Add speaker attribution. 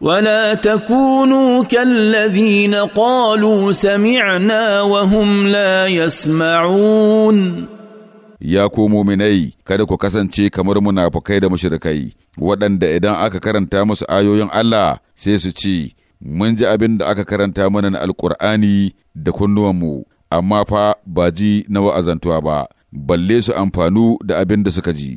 Speaker 1: ولا تكونوا كالذين قالوا سمعنا وهم لا يسمعون
Speaker 2: ya ku muminai kada ku kasance kamar munafukai da mushrikai waɗanda idan aka karanta musu ayoyin Allah sai su ce mun ji abin da aka karanta mana na alkur'ani da kunnuwanmu amma fa ba ji na wa'azantuwa ba balle su amfanu da abin
Speaker 3: da suka ji